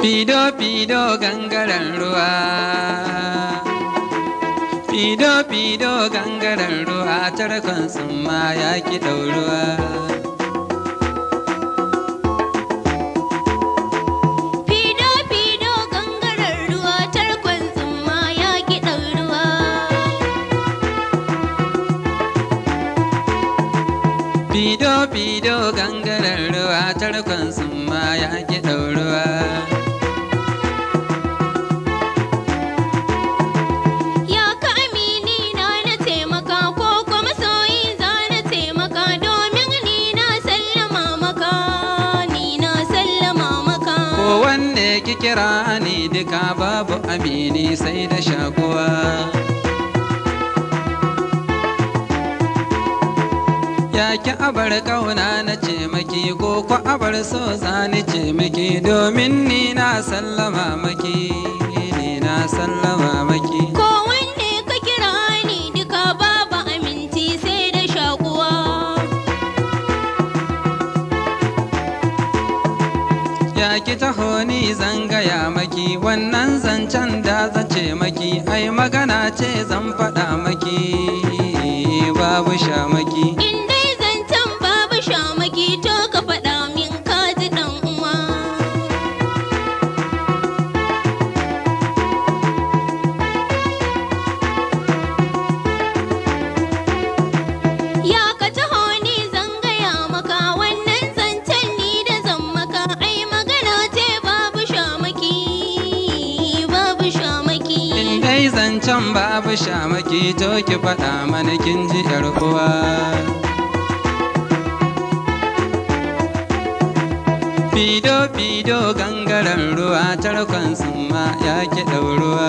Pido pido gangaran ruwa Pido pido gangaran ruwa tarkon sun ma ya ki dauruwa Pido pido gangaran ruwa tarkon sun ma ya ki dauruwa Pido pido gangaran ruwa tarkon sun ma ya ki dauruwa ko wanne ki kira ni duka babu amini sai da shakuwa ki abar kauna na ce maki ko ku abar so ni ce maki domin ni na sallama maki ni na sallama maki wannan zancen da zace maki ai magana ce zan faɗa maki babu shamaki idan babu shamaki to ki faɗa mana kin ji yar uwa fido fido gangaren ruwa tarkon sun ma ya ki ɗauruwa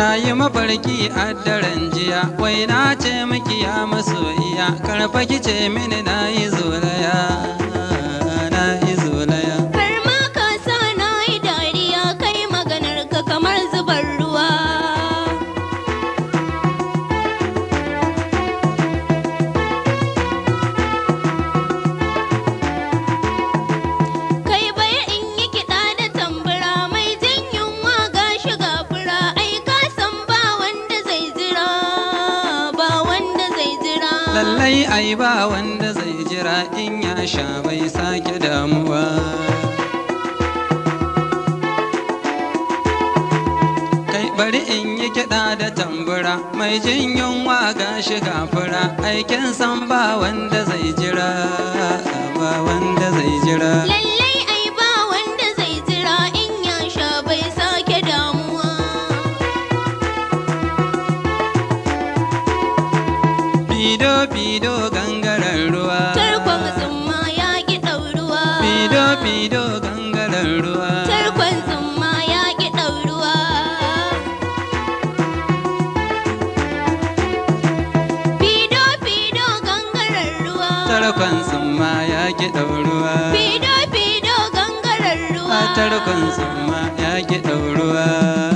na yi mafarki a daren jiya wai na ce miki ya masoyiya karfa ki ce mini na yi zolaya Ai ba wanda zai jira in ya sha bai sake damuwa kai bari in yi kiɗa da tambura mai jin yunwa shi kafura aikin san ba wanda zai jira ba wanda zai jira tarkon zuma ya ki ɗauruwa fido fido gangarar ruwa a tarkon zuma ya ki ɗauruwa